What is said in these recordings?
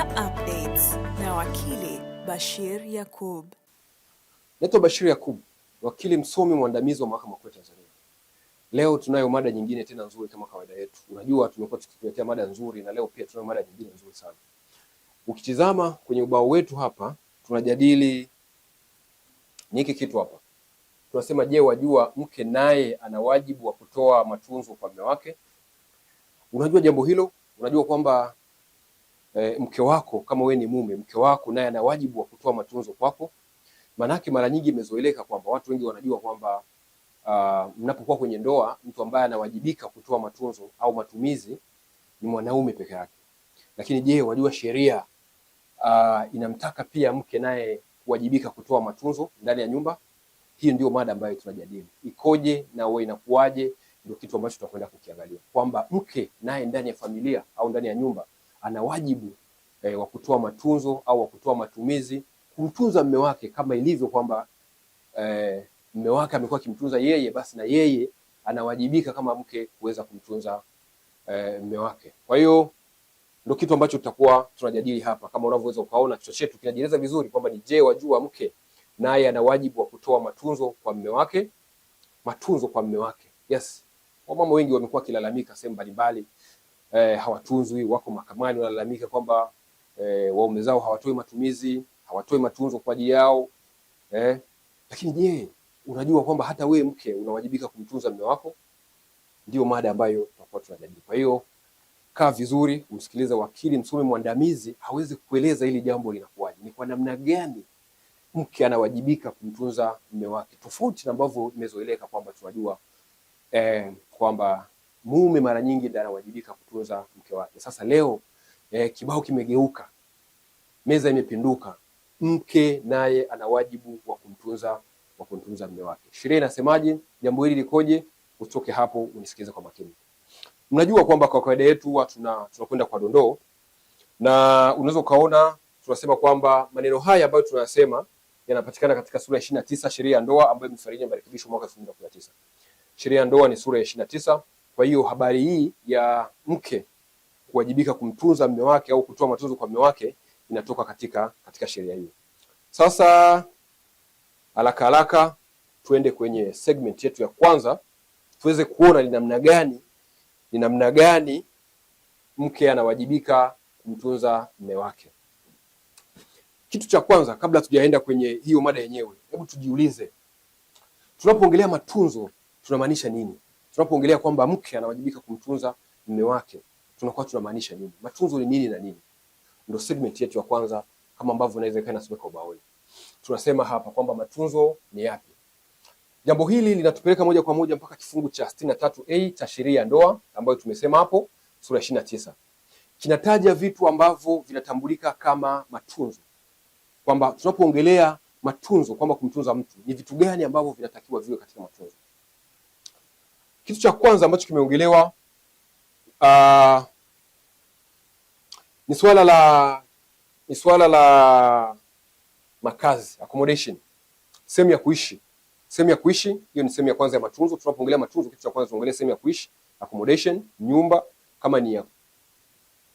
Media Updates na wakili Bashir Yakub. Naitwa Bashir Yakub, wakili msomi mwandamizi wa Mahakama Kuu ya Tanzania. Leo tunayo mada nyingine tena nzuri kama kawaida yetu. Unajua tumekuwa tukikuletea mada nzuri na leo pia tunayo mada nyingine nzuri sana. Ukitizama kwenye ubao wetu hapa tunajadili niki kitu hapa. Tunasema je, wajua mke naye ana wajibu wa kutoa matunzo kwa mume wake? Unajua jambo hilo? Unajua kwamba e, mke wako kama wewe ni mume, mke wako naye ana wajibu wa kutoa matunzo kwako. Maanake mara nyingi imezoeleka kwamba watu wengi wanajua kwamba uh, mnapokuwa kwenye ndoa mtu ambaye anawajibika kutoa matunzo au matumizi ni mwanaume peke yake, lakini je, wajua sheria uh, inamtaka pia mke naye kuwajibika kutoa matunzo ndani ya nyumba? Hii ndio mada ambayo tunajadili, ikoje na wewe inakuwaje? Ndio kitu ambacho tutakwenda kukiangalia kwamba mke naye ndani ya familia au ndani ya nyumba ana wajibu eh, wa kutoa matunzo au wa kutoa matumizi, kumtunza mme wake kama ilivyo kwamba eh, mme wake amekuwa akimtunza yeye, basi na yeye anawajibika kama mke kuweza kumtunza eh, mme wake. Kwa hiyo ndio kitu ambacho tutakuwa tunajadili hapa. Kama unavyoweza ukaona, kichwa chetu kinajieleza vizuri kwamba ni je, wajua mke naye ana wajibu wa kutoa matunzo kwa mme wake, matunzo kwa mme wake. Yes, wamama wengi wamekuwa wakilalamika sehemu mbalimbali eh, hawatunzwi, wako mahakamani wanalalamika kwamba eh, waume zao hawatoi matumizi, hawatoi matunzo kwa ajili yao eh. Lakini je, unajua kwamba hata wewe mke unawajibika kumtunza mume wako? Ndio mada ambayo tutakuwa tunajadili. Kwa hiyo kaa vizuri, kumsikiliza wakili msomi mwandamizi, hawezi kueleza hili jambo linakuwaje, ni kwa namna gani mke anawajibika kumtunza mume wake, tofauti na ambavyo imezoeleka kwamba tunajua eh, kwamba mume mara nyingi ndiye anawajibika kutunza mke wake. Sasa leo eh, kibao kimegeuka, meza imepinduka, mke naye ana wajibu wa kumtunza wa kumtunza mume wake. Sheria inasemaje? Jambo hili likoje? Utoke hapo unisikize kwa makini. Mnajua kwamba kwa kawaida yetu huwa tuna tunakwenda kwa dondoo, na unaweza ukaona tunasema kwamba maneno haya ambayo tunayasema yanapatikana katika sura ya ishirini na tisa sheria ya ndoa ambayo imefanyiwa marekebisho mwaka elfu mbili na kumi na tisa. Sheria ya ndoa ni sura ya ishirini na tisa kwa hiyo habari hii ya mke kuwajibika kumtunza mme wake au kutoa matunzo kwa mme wake inatoka katika katika sheria hiyo. Sasa haraka haraka tuende kwenye segment yetu ya kwanza tuweze kuona ni namna gani ni namna gani mke anawajibika kumtunza mme wake. Kitu cha kwanza kabla tujaenda kwenye hiyo mada yenyewe, hebu tujiulize, tunapoongelea matunzo tunamaanisha nini? Tunapoongelea kwamba mke anawajibika kumtunza mume wake, tunakuwa tunamaanisha nini? Matunzo ni nini na nini? Ndio segment yetu ya kwanza, kama ambavyo inawezekana nasomeka ubaoni. Tunasema hapa kwamba matunzo ni yapi. Jambo hili linatupeleka moja kwa moja mpaka kifungu cha 63a cha sheria ya ndoa ambayo tumesema hapo sura 29. Kinataja vitu ambavyo vinatambulika kama matunzo, kwamba tunapoongelea matunzo, kwamba kumtunza mtu, ni vitu gani ambavyo vinatakiwa viwe katika matunzo kitu cha kwanza ambacho kimeongelewa uh, ni swala la ni swala la makazi accommodation, sehemu ya kuishi. Sehemu ya kuishi hiyo ni sehemu ya kwanza ya matunzo. Tunapoongelea matunzo, kitu cha kwanza tunaongelea sehemu ya kuishi accommodation, nyumba kama ni ya,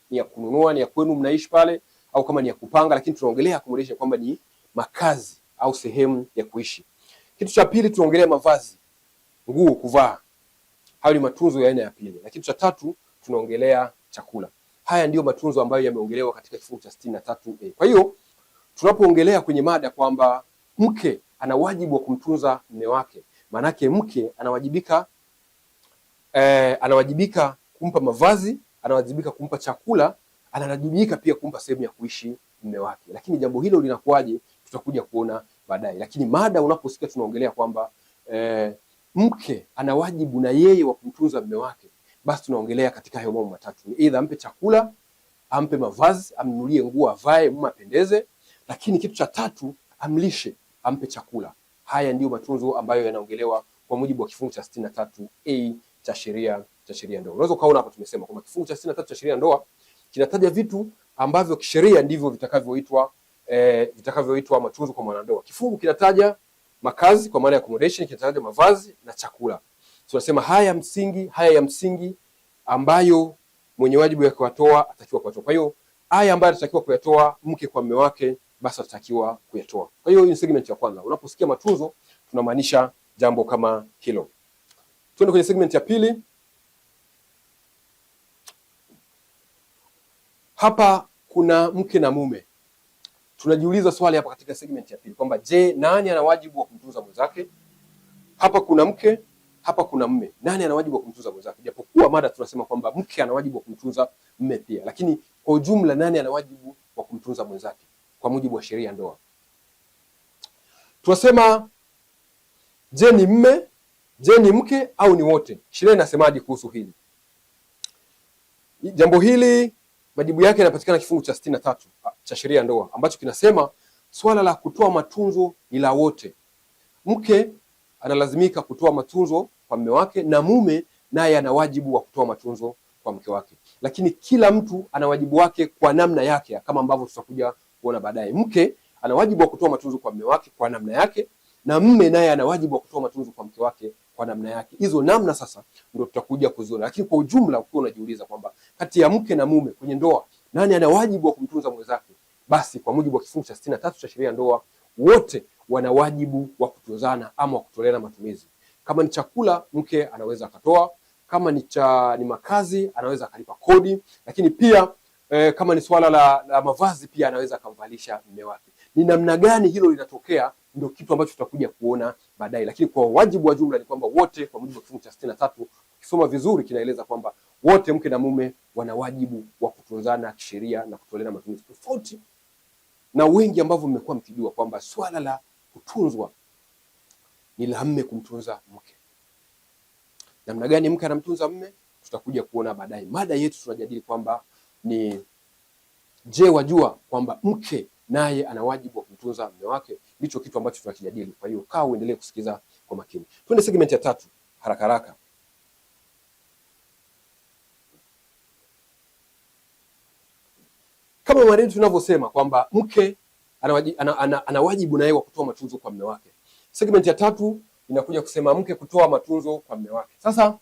ni ya kununua ni ya kwenu mnaishi pale au kama ni ya kupanga, lakini tunaongelea accommodation kwamba ni makazi au sehemu ya kuishi. Kitu cha pili tunaongelea mavazi, nguo, kuvaa Hayo ni matunzo ya aina ya pili, lakini cha tatu tunaongelea chakula. Haya ndiyo matunzo ambayo yameongelewa katika kifungu cha sitini na tatu a. Kwa hiyo tunapoongelea kwenye mada kwamba mke ana wajibu wa kumtunza mume wake, maanake mke anawajibika eh, anawajibika kumpa mavazi, anawajibika kumpa chakula, anawajibika pia kumpa sehemu ya kuishi mume wake. Lakini jambo hilo linakuwaje? Tutakuja kuona baadaye, lakini mada unaposikia tunaongelea kwamba eh, mke ana wajibu na yeye wa kumtunza mume wake, basi tunaongelea katika hayo mambo matatu, ni aidha ampe chakula, ampe mavazi, amnunulie nguo avae, mume apendeze, lakini kitu cha tatu amlishe, ampe chakula. Haya ndiyo matunzo ambayo yanaongelewa kwa mujibu wa kifungu cha sitini na tatu a cha sheria cha sheria ndoa. Unaweza ukaona hapa tumesema kwamba kifungu cha sitini na tatu cha sheria ndoa kinataja vitu ambavyo kisheria ndivyo vitakavyoitwa eh, vitakavyoitwa matunzo kwa mwanandoa. Kifungu kinataja makazi kwa maana ya accommodation, kinataja mavazi na chakula. Tunasema so, haya ya msingi, haya ya msingi ambayo mwenye wajibu ya kuwatoa atakiwa kuyatoa. Kwa hiyo haya ambayo atatakiwa kuyatoa mke kwa mume wake, basi atatakiwa kuyatoa. Kwa hiyo ni segment ya kwanza. Unaposikia matunzo, tunamaanisha jambo kama hilo. Tuende kwenye segment ya pili. Hapa kuna mke na mume tunajiuliza swali hapa katika segment ya pili kwamba je, nani ana wajibu wa kumtunza mwenzake? Hapa kuna mke, hapa kuna mme. Nani ana wajibu wa kumtunza mwenzake? Japokuwa mada tunasema kwamba mke ana wajibu wa kumtunza mme pia, lakini kwa ujumla, nani ana wajibu wa kumtunza mwenzake kwa mujibu wa sheria ndoa? Tunasema je, ni mme, je, ni mke au ni wote? Sheria inasemaje kuhusu hili jambo hili? majibu yake yanapatikana kifungu cha sitini na tatu ah, cha sheria ya ndoa ambacho kinasema swala la kutoa matunzo ni la wote. Mke analazimika kutoa matunzo kwa mme wake na mume naye ana wajibu wa kutoa matunzo kwa mke wake, lakini kila mtu ana wajibu wake kwa namna yake, kama ambavyo tutakuja kuona baadaye. Mke ana wajibu wa kutoa matunzo kwa mme wake kwa namna yake, na mme naye ana wajibu wa kutoa matunzo kwa mke wake kwa namna yake. Hizo namna sasa ndio tutakuja kuziona, lakini kwa ujumla, ukiwa unajiuliza kwamba kati ya mke na mume kwenye ndoa nani ana wajibu wa kumtunza mwenzake, basi kwa mujibu wa kifungu cha sitini na tatu cha sheria ya ndoa, wote wana wajibu wa kutunzana ama wa kutoleana matumizi. Kama ni chakula, mke anaweza akatoa. Kama ni cha ni makazi, anaweza akalipa kodi, lakini pia eh, kama ni swala la, la mavazi, pia anaweza akamvalisha mme wake. Ni namna gani hilo linatokea ndio kitu ambacho tutakuja kuona baadaye, lakini kwa wajibu wa jumla ni kwamba wote, kwa mujibu wa kifungu cha sitini na tatu ukisoma vizuri kinaeleza kwamba wote mke na mume wana wajibu wa kutunzana kisheria na kutolea matumizi tofauti, na wengi ambavyo mmekuwa mkijua kwamba swala la kutunzwa ni la mme kumtunza mke. Namna gani mke anamtunza mme tutakuja kuona baadaye. Mada yetu tunajadili kwamba ni je, wajua kwamba mke naye ana wajibu wa kumtunza mme wake? ndicho kitu ambacho tunakijadili. Kwa hiyo kaa uendelee kusikiza kwa makini. Twende segment ya tatu haraka haraka. Kama marehemu tunavyosema kwamba mke ana wajibu naye wa kutoa matunzo kwa mume wake. Segment ya tatu inakuja kusema mke kutoa matunzo kwa mume wake. Sasa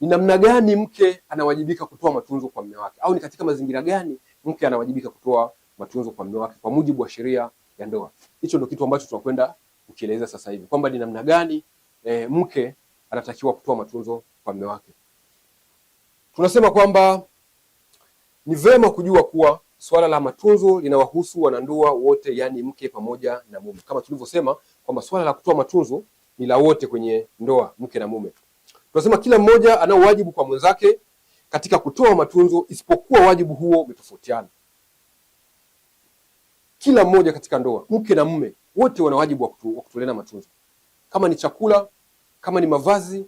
ni namna gani mke anawajibika kutoa matunzo kwa mume wake, au ni katika mazingira gani mke anawajibika kutoa matunzo kwa mume wake kwa mujibu wa sheria ya ndoa. Hicho ndio kitu ambacho tunakwenda kukieleza sasa hivi kwamba ni namna gani e, mke anatakiwa kutoa matunzo kwa mume wake. Tunasema kwamba ni vema kujua kuwa swala la matunzo linawahusu wanandoa wote, yaani mke pamoja na mume, kama tulivyosema kwamba swala la kutoa matunzo ni la wote kwenye ndoa, mke na mume. Tunasema kila mmoja anao wajibu kwa mwenzake katika kutoa matunzo, isipokuwa wajibu huo umetofautiana kila mmoja katika ndoa, mke na mume, wote wana wajibu wa kutu, kutuleana matunzo, kama ni chakula, kama ni mavazi,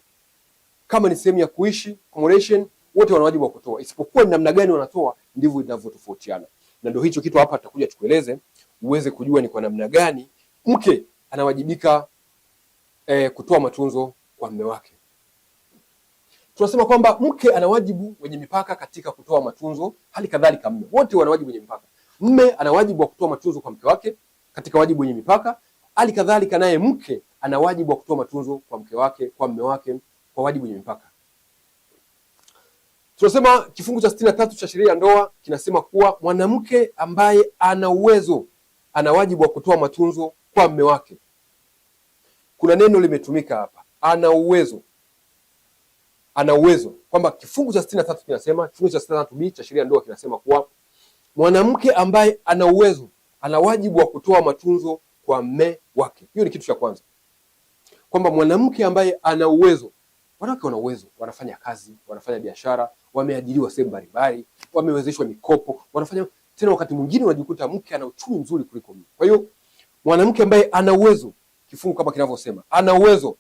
kama ni sehemu ya kuishi accommodation, wote wana wajibu wa kutoa, isipokuwa ni namna gani wanatoa ndivyo inavyotofautiana, na ndio hicho kitu hapa tutakuja tukueleze uweze kujua ni kwa namna gani mke anawajibika eh, kutoa matunzo kwa mume wake. Tunasema kwamba mke ana wajibu wenye mipaka katika kutoa matunzo, hali kadhalika mume, wote wana wajibu wenye mipaka. Mme ana wajibu wa kutoa matunzo kwa mke wake katika wajibu wenye mipaka. Hali kadhalika naye mke ana wajibu wa kutoa matunzo kwa mke wake, kwa mme wake kwa wajibu wenye mipaka. Tunasema kifungu cha sitini na tatu cha sheria ya ndoa kinasema kuwa mwanamke ambaye ana uwezo ana wajibu wa kutoa matunzo kwa mme wake. Kuna neno limetumika hapa, ana uwezo. Ana uwezo kwamba kifungu cha sitini na tatu kinasema, kifungu cha sitini na tatu b cha sheria ya ndoa kinasema kuwa mwanamke ambaye ana uwezo ana wajibu wa kutoa matunzo kwa mme wake. Hiyo ni kitu cha kwanza, kwamba mwanamke ambaye ana uwezo. Wanawake wana uwezo, wanafanya kazi, wanafanya biashara, wameajiriwa sehemu mbalimbali, wamewezeshwa mikopo, wanafanya tena. Wakati mwingine unajikuta mke ana uchumi mzuri kuliko mume. Kwa hiyo mwanamke ambaye ana uwezo, kifungu kama kinavyosema, ana uwezo,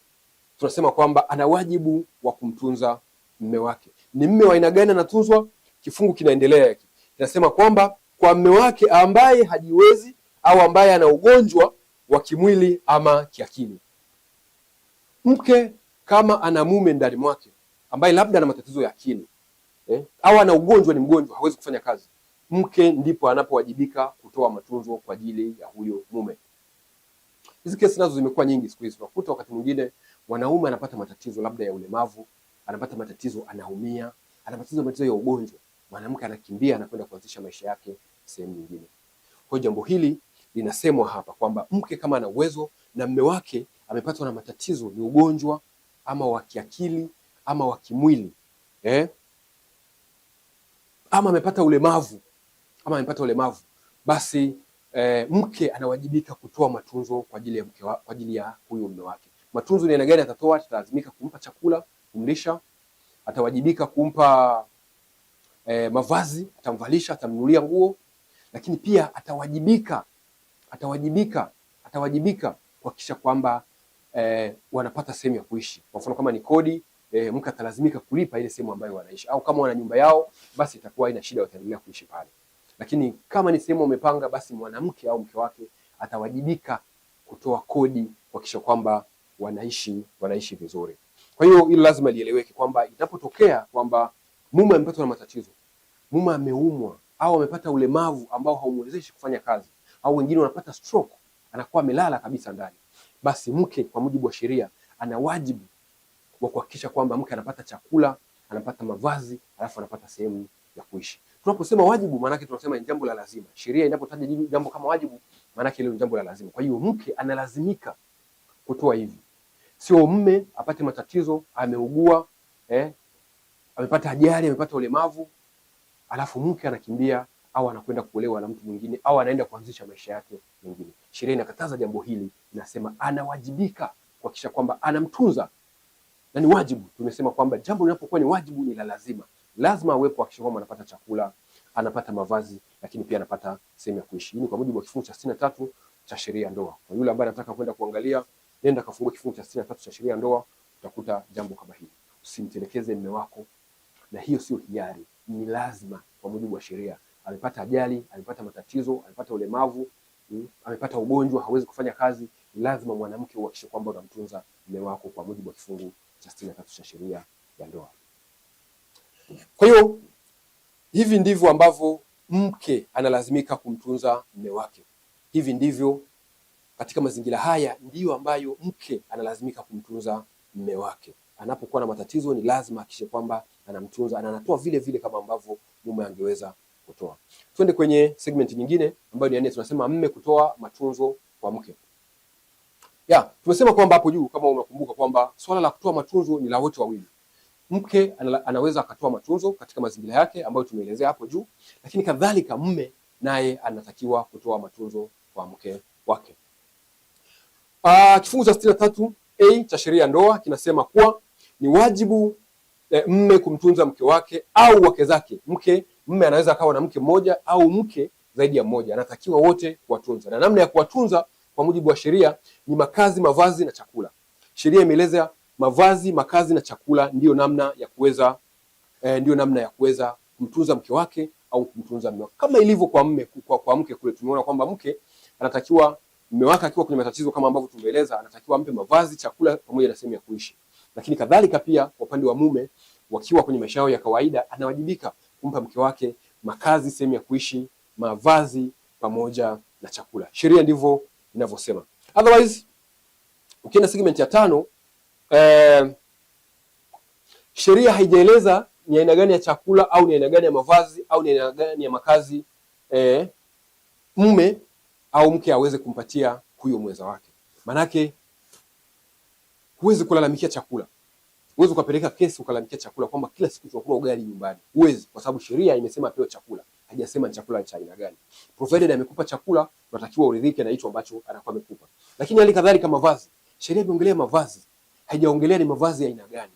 tunasema kwamba ana wajibu wa kumtunza mme wake. Ni mme wa aina gani anatunzwa? Kifungu kinaendelea hiki inasema kwamba kwa mme wake ambaye hajiwezi au ambaye ana ugonjwa wa kimwili ama kiakili. Mke kama ana mume ndani mwake ambaye labda ana matatizo ya akili eh, au ana ugonjwa, ni mgonjwa, hawezi kufanya kazi, mke ndipo anapowajibika kutoa matunzo kwa ajili ya huyo mume. Hizi kesi nazo zimekuwa nyingi siku hizi, unakuta wakati mwingine mwanaume anapata matatizo labda ya ulemavu, anapata matatizo, anaumia, anapata matatizo ya ugonjwa mwanamke anakimbia anakwenda kuanzisha maisha yake sehemu nyingine. Kwa jambo hili linasemwa hapa kwamba mke kama ana uwezo na mme wake amepatwa na matatizo, ni ugonjwa ama wa kiakili ama wa kimwili eh? ama amepata ulemavu ama amepata ulemavu, basi eh, mke anawajibika kutoa matunzo kwa ajili ya mke wa, kwa ajili ya huyu mme wake. Matunzo ni aina gani atatoa? Atalazimika kumpa chakula, kumlisha, atawajibika kumpa eh, mavazi, atamvalisha, atamnunulia nguo, lakini pia atawajibika, atawajibika, atawajibika kuhakikisha kwamba eh, wanapata sehemu ya kuishi. Kwa mfano kama ni kodi E, eh, mke atalazimika kulipa ile sehemu ambayo wanaishi, au kama wana nyumba yao, basi itakuwa ina shida, wataendelea kuishi pale. Lakini kama ni sehemu wamepanga, basi mwanamke au mke wake atawajibika kutoa kodi kuhakikisha kwamba wanaishi wanaishi vizuri. Kwa hiyo hilo lazima lieleweke kwamba inapotokea kwamba mume amepatwa na matatizo, mume ameumwa au amepata ulemavu ambao haumwezeshi kufanya kazi, au wengine wanapata stroke, anakuwa amelala kabisa ndani, basi mke kwa mujibu wa sheria ana wajibu wa kuhakikisha kwamba mke anapata chakula, anapata mavazi, alafu anapata sehemu ya kuishi. Tunaposema wajibu, maanake tunasema ni jambo la lazima. Sheria inapotaja jambo kama wajibu, maanake ile ni jambo la lazima. Kwa hiyo mke analazimika kutoa hivi, sio mme apate matatizo, ameugua eh, amepata ajali, amepata ulemavu alafu mke anakimbia au anakwenda kuolewa na mtu mwingine au anaenda kuanzisha maisha yake mengine. Sheria inakataza jambo hili, inasema anawajibika kuhakikisha kwamba anamtunza, na ni wajibu. Tumesema kwamba jambo linapokuwa ni wajibu ni la lazima, lazima awepo kuhakikisha kwamba anapata chakula, anapata mavazi, lakini pia anapata sehemu ya kuishi. Hii ni kwa mujibu wa kifungu cha sitini na tatu cha sheria ya ndoa. Kwa yule ambaye anataka kwenda kuangalia, nenda kafungua kifungu cha sitini na tatu cha sheria ya ndoa, utakuta jambo kama hili. Usimtelekeze mme wako, na hiyo sio hiari ni lazima kwa mujibu wa sheria. Amepata ajali, amepata matatizo, amepata ulemavu, mm, amepata ugonjwa, hawezi kufanya kazi, lazima mwanamke uhakikishe kwamba unamtunza mume wako kwa mujibu wa kifungu cha sitini na tatu cha sheria ya ndoa. Kwa hiyo hivi ndivyo ambavyo mke analazimika kumtunza mume wake. Hivi ndivyo katika mazingira haya ndiyo ambayo mke analazimika kumtunza mume wake anapokuwa na matatizo ni lazima akishe kwamba anamtunza na anatoa vile vile kama ambavyo mume angeweza kutoa. Twende kwenye segment nyingine ambayo ni nne, tunasema mme kutoa matunzo kwa mke. Ya, tumesema kwamba hapo juu kama unakumbuka kwamba swala la kutoa matunzo ni la wote wawili. Mke anaweza akatoa matunzo katika mazingira yake ambayo tumeelezea hapo juu, lakini kadhalika mme naye anatakiwa kutoa matunzo kwa mke wake. Aa, ah, kifungu cha sitini na tatu A cha sheria ya ndoa kinasema kuwa ni wajibu eh, mme kumtunza mke wake au wake zake. Mke mme anaweza akawa na mke mmoja au mke zaidi ya mmoja, anatakiwa wote kuwatunza, na namna ya kuwatunza kwa mujibu wa sheria ni makazi, mavazi na chakula. Sheria imeeleza mavazi, makazi na chakula ndiyo namna ya kuweza eh, ndiyo namna ya kuweza kumtunza mke wake au kumtunza mume wake, kama ilivyo kwa mme, kwa, kwa mke kule tumeona kwamba mke anatakiwa mume wake akiwa kwenye matatizo kama ambavyo tumeeleza, anatakiwa ampe mavazi, chakula pamoja na sehemu ya kuishi. Lakini kadhalika pia kwa upande wa mume, wakiwa kwenye maisha yao ya kawaida, anawajibika kumpa mke wake makazi, sehemu ya kuishi, mavazi pamoja na chakula. Sheria ndivyo inavyosema. Otherwise, ukienda segment ya tano eh, sheria haijaeleza ni aina gani ya chakula au ni aina gani ya mavazi au ni aina gani ya makazi eh, mume au mke aweze kumpatia huyo mwenza wake. manake Huwezi kulalamikia chakula, huwezi ukapeleka kesi ukalalamikia chakula kwamba kila siku tunakula ugali nyumbani, huwezi, kwa sababu sheria imesema apewe chakula, hajasema ni chakula cha aina gani. Provided amekupa chakula, unatakiwa uridhike na hicho ambacho anakuwa amekupa. Lakini hali kadhalika mavazi, sheria imeongelea mavazi, haijaongelea ni mavazi ya aina gani.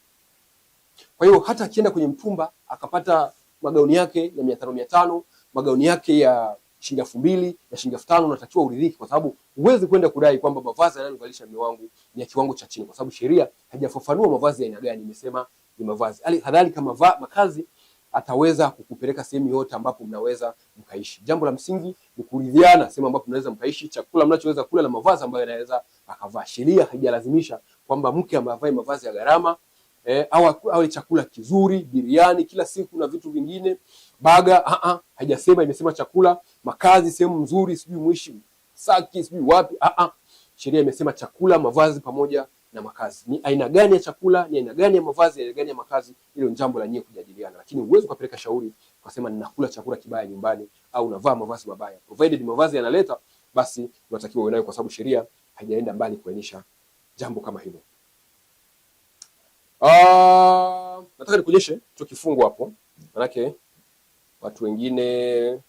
Kwa hiyo hata akienda kwenye mtumba akapata magauni yake ya mia tano mia tano magauni yake ya shilingi elfu mbili na shilingi elfu tano unatakiwa uridhiki, kwa sababu huwezi kwenda kudai kwamba mavazi anayonivalisha mume wangu ni ya kiwango cha chini, kwa sababu sheria haijafafanua mavazi ya aina gani. Imesema ni mavazi. Kadhalika makazi ataweza kukupeleka sehemu yote ambapo mnaweza mkaishi. Jambo la msingi ni kuridhiana sehemu ambapo mnaweza mkaishi, chakula mnachoweza kula na mavazi ambayo anaweza akavaa. Sheria haijalazimisha kwamba mke amevae mavazi ya gharama eh, au awe chakula kizuri, biriani kila siku na vitu vingine baga a ah, a, ah, haijasema imesema chakula, makazi, sehemu nzuri, sijui mwishi Saki, sijui wapi a ah, a. Sheria imesema chakula, mavazi pamoja na makazi. Ni aina gani ya chakula, ni aina gani ya mavazi, aina gani ya makazi, hilo ni jambo la nyie kujadiliana, lakini uwezo ukapeleka shauri ukasema ninakula chakula kibaya nyumbani au unavaa mavazi mabaya, provided mavazi yanaleta, basi unatakiwa uwe kwa sababu sheria haijaenda mbali kuainisha jambo kama hilo. Uh, nataka nikuonyeshe tu kifungu hapo manake watu wengine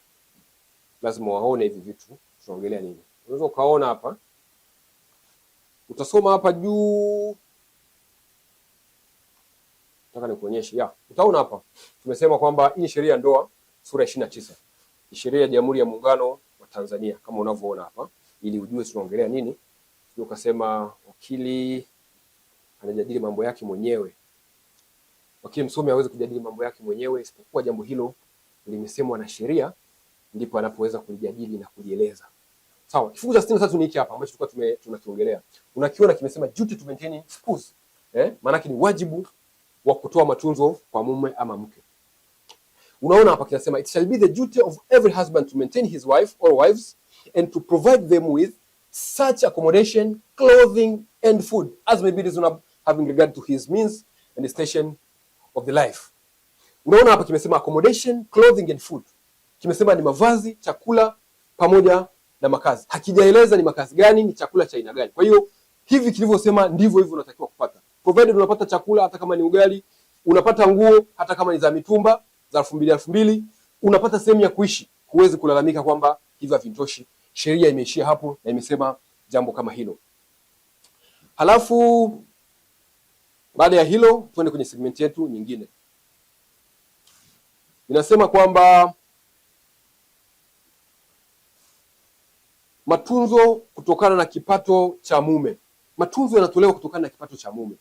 lazima waone hivi vitu tunaongelea nini. Unaweza ukaona hapa, utasoma hapa juu, nataka nikuonyeshe ya, utaona hapa tumesema kwamba hii sheria ya ndoa sura ishirini na tisa ni sheria ya Jamhuri ya Muungano wa Tanzania kama unavyoona hapa, ili ujue tunaongelea nini. Ukasema wakili anajadili mambo yake mwenyewe, wakili msomi hawezi kujadili mambo yake mwenyewe, isipokuwa jambo hilo limesemwa na sheria, ndipo anapoweza kulijadili na kulieleza. Sawa, kifungu cha sitini na tatu ni hiki hapa ambacho tulikuwa tume, tunakiongelea. Unakiona kimesema duty to maintain spouse. Eh, maana ni wajibu wa kutoa matunzo kwa mume ama mke. Unaona hapa kinasema it shall be the duty of every husband to maintain his wife or wives and to provide them with such accommodation, clothing and food as may be reasonable having regard to his means and the station of the life. Unaona hapa kimesema accommodation, clothing and food. Kimesema ni mavazi, chakula pamoja na makazi. Hakijaeleza ni makazi gani, ni chakula cha aina gani. Kwa hiyo hivi kilivyosema ndivyo hivyo unatakiwa kupata. Provided unapata chakula hata kama ni ugali, unapata nguo hata kama ni za mitumba za 2000 2000, unapata sehemu ya kuishi, huwezi kulalamika kwamba hivi havitoshi. Sheria imeishia hapo na imesema jambo kama hilo. Halafu baada ya hilo tuende kwenye segment yetu nyingine inasema kwamba matunzo kutokana na kipato cha mume, matunzo yanatolewa kutokana na kipato cha mume.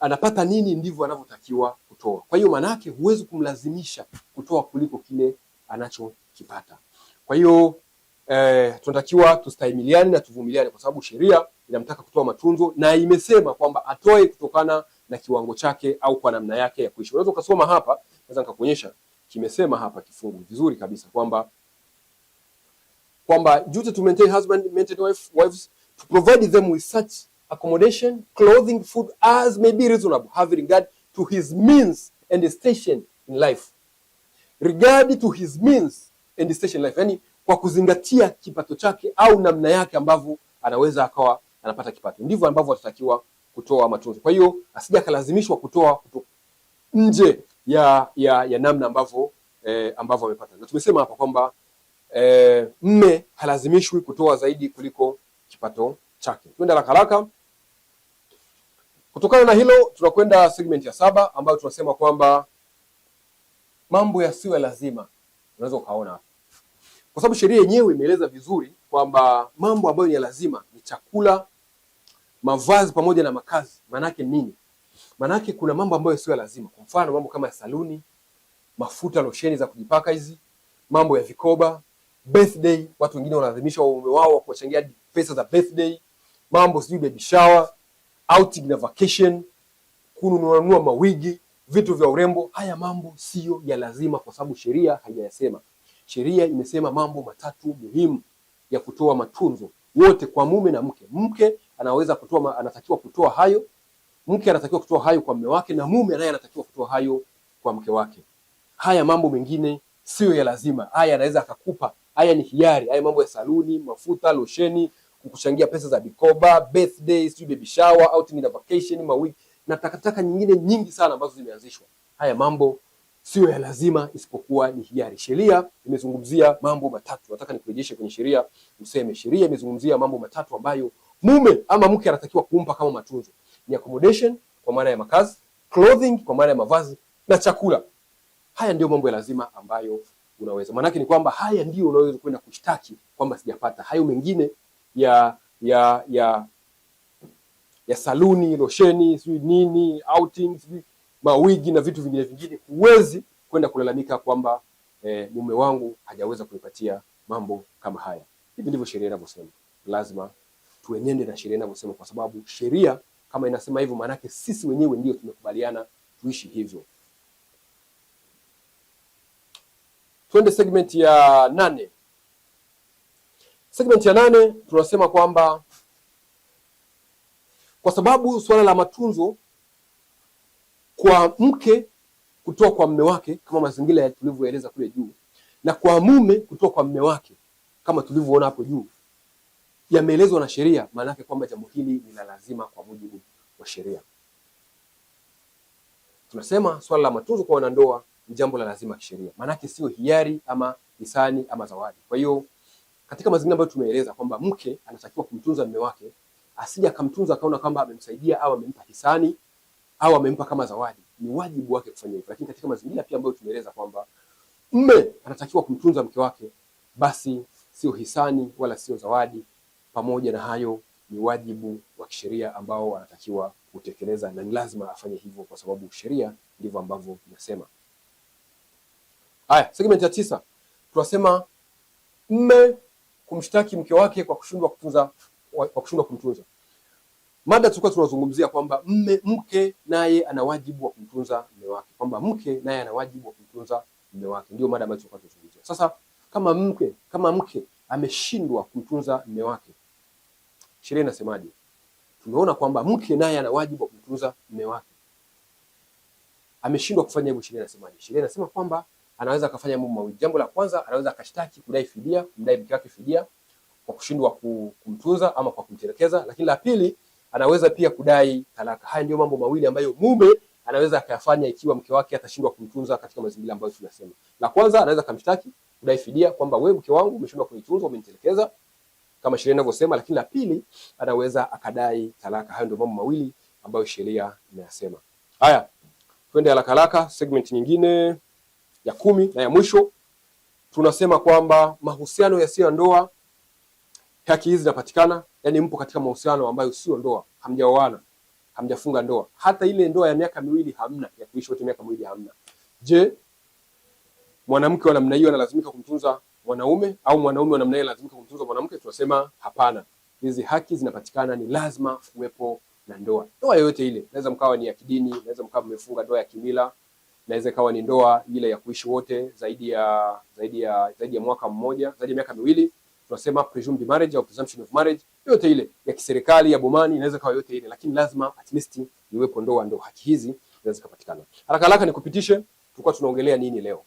Anapata nini, ndivyo anavyotakiwa kutoa. Kwa hiyo manake huwezi kumlazimisha kutoa kuliko kile anachokipata. Kwa hiyo eh, tunatakiwa tustahimiliane na tuvumiliane, kwa sababu sheria inamtaka kutoa matunzo na imesema kwamba atoe kutokana na kiwango chake au kwa namna yake ya kuishi. Unaweza ukasoma hapa, naweza nikakuonyesha kimesema hapa kifungu vizuri kabisa kwamba kwamba duty to maintain husband maintain wife, wives to provide them with such accommodation clothing food as may be reasonable having regard to his means and his station in life regard to his means and his station in life, yani kwa kuzingatia kipato chake au namna yake ambavyo anaweza akawa anapata kipato, ndivyo ambavyo atatakiwa kutoa matunzo. Kwa hiyo asija akalazimishwa kutoa nje ya, ya, ya namna ambavyo eh, ambavyo amepata, na tumesema hapa kwamba eh, mme halazimishwi kutoa zaidi kuliko kipato chake. Tuenda haraka haraka. Kutokana na hilo, tunakwenda segment ya saba ambayo tunasema kwamba mambo yasiyo ya lazima. Unaweza ukaona hapa, kwa sababu sheria yenyewe imeeleza vizuri kwamba mambo ambayo ni ya lazima ni chakula mavazi pamoja na makazi. Maanake nini? Maanake kuna mambo ambayo sio lazima, kwa mfano mambo kama ya saluni, mafuta, losheni za kujipaka hizi, mambo ya vikoba, birthday. Watu wengine wanaadhimisha waume wao kuwachangia pesa za birthday, mambo sijui baby shower, outing na vacation, kununua mawigi, vitu vya urembo. Haya mambo siyo ya lazima, kwa sababu sheria haijayasema. Sheria imesema mambo matatu muhimu ya kutoa matunzo wote kwa mume na mke, mke anaweza kutoa, anatakiwa kutoa hayo, mke anatakiwa kutoa hayo kwa mume wake, na mume naye anatakiwa kutoa hayo kwa mke wake. Haya mambo mengine sio ya lazima, haya anaweza akakupa, haya ni hiari. Haya mambo ya saluni, mafuta, losheni, kukuchangia pesa za bikoba, birthday, sijui baby shower, outing na vacation, mawiki na takataka nyingine nyingi sana ambazo zimeanzishwa. Haya mambo sio ya lazima, isipokuwa ni hiari. Sheria imezungumzia mambo matatu. Nataka nikurejeshe kwenye sheria, useme sheria imezungumzia mambo matatu ambayo mume ama mke anatakiwa kumpa kama matunzo ni accommodation kwa maana ya makazi, clothing kwa maana ya mavazi na chakula. Haya ndiyo mambo ya lazima ambayo unaweza maanake ni kwamba haya ndiyo unaweza kwenda kushtaki kwamba sijapata. Hayo mengine ya ya ya ya saluni, losheni, sijui nini, outing, sijui mawigi na vitu vingine vingine, huwezi kwenda kulalamika kwamba eh, mume wangu hajaweza kunipatia mambo kama haya. Hivi ndivyo sheria inavyosema, lazima tuenende na sheria inavyosema, kwa sababu sheria kama inasema hivyo, maanake sisi wenyewe ndio tumekubaliana tuishi hivyo. Tuende segment ya nane. Segment ya nane tunasema kwamba kwa sababu suala la matunzo kwa mke kutoa kwa mme wake kama mazingira tulivyoeleza kule juu, na kwa mume kutoa kwa mme wake kama tulivyoona hapo juu yameelezwa na sheria, maana yake kwamba jambo hili ni la lazima kwa mujibu wa sheria. Tunasema swala la matunzo kwa wanandoa ni jambo la lazima kisheria, yake sio hiari ama hisani ama zawadi. Kwa hiyo katika mazingira ambayo tumeeleza kwamba mke anatakiwa kumtunza mume wake, asija akamtunza akaona kwamba amemsaidia au amempa hisani au amempa kama zawadi, ni wajibu wake kufanya hivyo. Lakini katika mazingira pia ambayo tumeeleza kwamba mme anatakiwa kumtunza mke wake, basi sio hisani wala sio zawadi, pamoja na hayo, ni wajibu wa kisheria ambao wanatakiwa kutekeleza, na ni lazima afanye hivyo kwa sababu sheria ndivyo ambavyo inasema. Haya, segment ya tisa tunasema mme kumshtaki mke wake kwa kushindwa kutunza, kwa kushindwa kumtunza. Mada tulikuwa tunazungumzia kwamba mme mke naye ana wajibu wa kumtunza mme wake, kwamba mke naye ana wajibu wa kumtunza mme wake. Ndio mada ambayo tulikuwa tunazungumzia. Sasa kama mke kama mke ameshindwa kumtunza mme wake sheria inasemaje? Tumeona kwamba mke naye ana wajibu wa kumtunza mume wake. Ameshindwa kufanya hivyo, sheria inasemaje? Sheria inasema kwamba anaweza akafanya mambo mawili. Jambo la kwanza, anaweza akashtaki, kudai fidia, kumdai mke wake fidia kwa kushindwa kumtunza ama kwa kumtelekeza. Lakini la pili, anaweza pia kudai talaka. Haya ndio mambo mawili ambayo mume anaweza akayafanya ikiwa mke wake atashindwa kumtunza katika mazingira ambayo tunasema. La kwanza, anaweza akamshtaki, kudai fidia kwamba wewe mke wangu umeshindwa kunitunza, umenitelekeza kama sheria inavyosema, lakini la pili anaweza akadai talaka. Hayo ndio mambo mawili ambayo sheria inayasema. Haya, twende haraka haraka segment nyingine ya kumi na ya mwisho, tunasema kwamba mahusiano yasiyo ya ndoa, haki hizi zinapatikana. Yani mpo katika mahusiano ambayo sio ndoa, hamjaoana, hamjafunga ndoa, hata ile ndoa ya miaka miwili hamna, ya kuishi wote miaka miwili hamna. Je, mwanamke wa namna hiyo analazimika kumtunza mwanaume au mwanaume wa namna hiyo lazimika kumtunza mwanamke, tunasema hapana. Hizi haki zinapatikana, ni lazima kuwepo na ndoa, ndoa yoyote ile. Naweza mkawa ni ya kidini, naweza mkawa mmefunga ndoa ya kimila, naweza ikawa ni ndoa ile ya kuishi wote zaidi ya zaidi ya zaidi ya mwaka mmoja, zaidi ya miaka miwili, tunasema presumed marriage au presumption of marriage. Yote ile ya kiserikali, ya bomani, inaweza kawa yote ile, lakini lazima at least iwepo ndoa, ndo haki hizi zinaweza kupatikana. Haraka haraka nikupitishe, tulikuwa tunaongelea nini leo?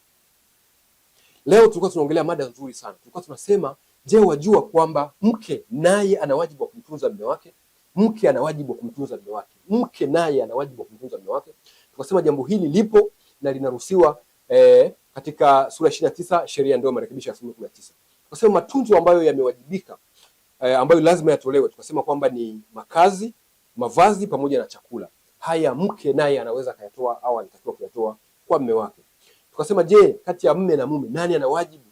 Leo tulikuwa tunaongelea mada nzuri sana. Tulikuwa tunasema, je, wajua kwamba mke naye ana wajibu wa kumtunza mume wake? Mke ana wajibu wa kumtunza mume wake, mke naye ana wajibu wa kumtunza mume wake. Tukasema jambo hili lipo na linaruhusiwa eh, katika sura ishirini na tisa sheria ya ndoa marekebisho ya elfu mbili kumi na tisa. Tukasema matunzo ambayo yamewajibika eh, ambayo lazima yatolewe, tukasema kwamba ni makazi, mavazi pamoja na chakula. Haya mke naye anaweza akayatoa au anatakiwa kuyatoa kwa mume wake. Tukasema je, kati ya mme na mume nani ana wajibu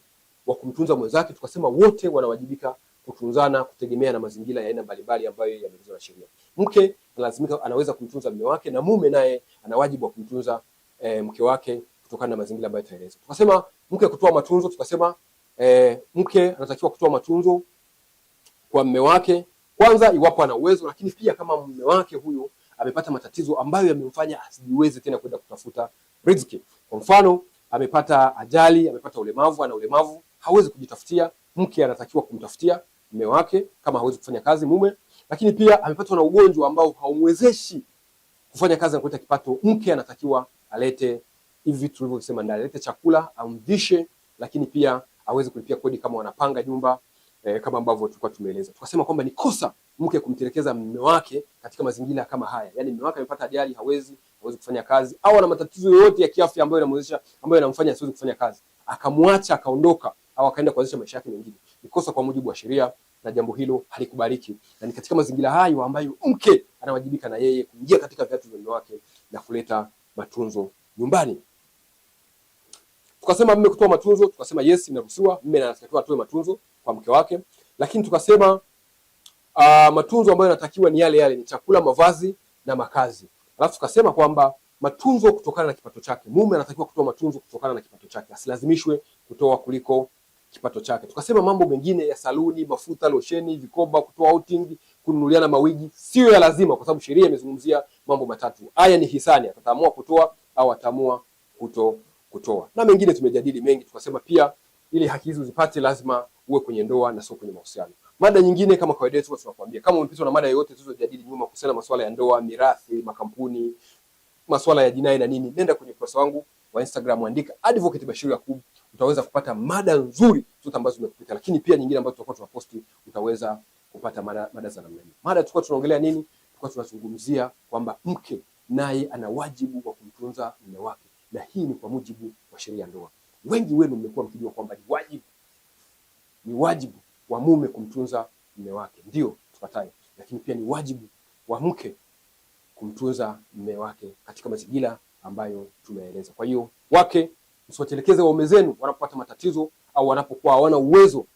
wa kumtunza mwenzake? Tukasema wote wanawajibika kutunzana kutegemea na mazingira ya aina mbalimbali ambayo yameelezwa na sheria. Mke analazimika, anaweza kumtunza mume wake, na mume naye ana wajibu wa kumtunza e, mke wake kutokana na mazingira ambayo tutaeleza. Tukasema mke kutoa matunzo, tukasema e, mke anatakiwa kutoa matunzo kwa mume wake kwanza, iwapo ana uwezo, lakini pia kama mume wake huyo amepata matatizo ambayo yamemfanya asijiweze tena kwenda kutafuta riziki. Kwa mfano amepata ajali, amepata ulemavu, ana ulemavu, hawezi kujitafutia mke, anatakiwa kumtafutia mume wake kama hawezi kufanya kazi mume. Lakini pia amepatwa na ugonjwa ambao haumwezeshi kufanya kazi na kuleta kipato, mke anatakiwa alete hivi vitu tulivyosema ndani, alete chakula amdishe, lakini pia aweze kulipia kodi kama wanapanga nyumba eh, kama ambavyo tulikuwa tumeeleza. Tukasema kwamba ni kosa mke kumtelekeza mume wake katika mazingira kama haya, yani mume wake amepata ajali, hawezi hawezi kufanya kazi au ana matatizo yoyote ya kiafya ambayo yanamwezesha ambayo yanamfanya asiweze kufanya kazi, akamwacha akaondoka au akaenda kuanzisha maisha yake mengine, ni kosa kwa mujibu wa sheria, na jambo hilo halikubaliki, na ni katika mazingira hayo ambayo mke anawajibika na yeye kuingia katika viatu vya mume wake na kuleta matunzo nyumbani. Tukasema mume kutoa matunzo, tukasema yes, inaruhusiwa mume anatakiwa atoe matunzo kwa mke wake, lakini tukasema uh, matunzo ambayo yanatakiwa ni yale yale, ni chakula, mavazi na makazi alafu tukasema kwamba matunzo kutokana na kipato chake, mume anatakiwa kutoa matunzo kutokana na kipato chake, asilazimishwe kutoa kuliko kipato chake. Tukasema mambo mengine ya saluni, mafuta, losheni, vikoba, kutoa outing, kununuliana mawigi siyo ya lazima, kwa sababu sheria imezungumzia mambo matatu. Haya ni hisani, ataamua kutoa au ataamua kuto kutoa, na mengine tumejadili mengi. Tukasema pia ili haki hizo zipate lazima uwe kwenye ndoa na sio kwenye mahusiano. Mada nyingine kama kawaida yetu tunakwambia, kama umepitwa na mada yoyote tulizojadili nyuma kuhusiana na masuala ya ndoa, mirathi, makampuni, masuala ya jinai na nini, nenda kwenye ukurasa wangu wa Instagram, andika Advocate Bashir Yakub, utaweza kupata mada nzuri zote ambazo zimekupita, lakini pia nyingine ambazo tutakuwa tunaposti, utaweza kupata mada, mada za namna hiyo. Mada tulikuwa tunaongelea nini? Tulikuwa tunazungumzia kwamba mke naye ana wajibu wa kumtunza mume wake, na hii ni kwa mujibu wa sheria ya ndoa. Wengi wenu mmekuwa mkijua kwamba ni wajibu, ni wajibu wa mume kumtunza mume wake, ndio tufuatane, lakini pia ni wajibu wa mke kumtunza mume wake katika mazingira ambayo tumeeleza. Kwa hiyo, wake msiwatelekeze waume zenu wanapopata matatizo au wanapokuwa hawana uwezo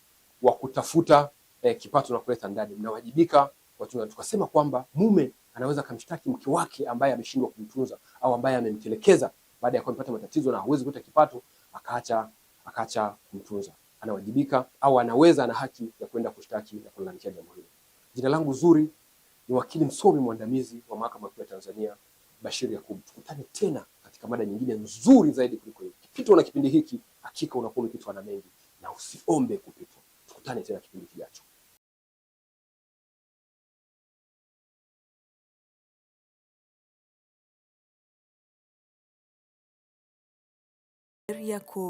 wa kutafuta eh, kipato na kuleta ndani, mnawajibika. Tukasema kwamba mume anaweza akamshtaki mke wake ambaye ameshindwa kumtunza au ambaye amemtelekeza baada ya kuwa amepata matatizo na hawezi kuleta kipato, akaacha akaacha kumtunza anawajibika au anaweza, ana haki ya kwenda kushtaki na kulalamikia jambo hilo. Jina langu zuri ni wakili msomi mwandamizi wa mahakama kuu ya Tanzania Bashir Yakub. Tukutane tena katika mada nyingine nzuri zaidi kuliko hii. Kipitwa na kipindi hiki, hakika unakuwa umepitwa na mengi, na usiombe kupitwa. Tukutane tena kipindi kijacho. Yakub.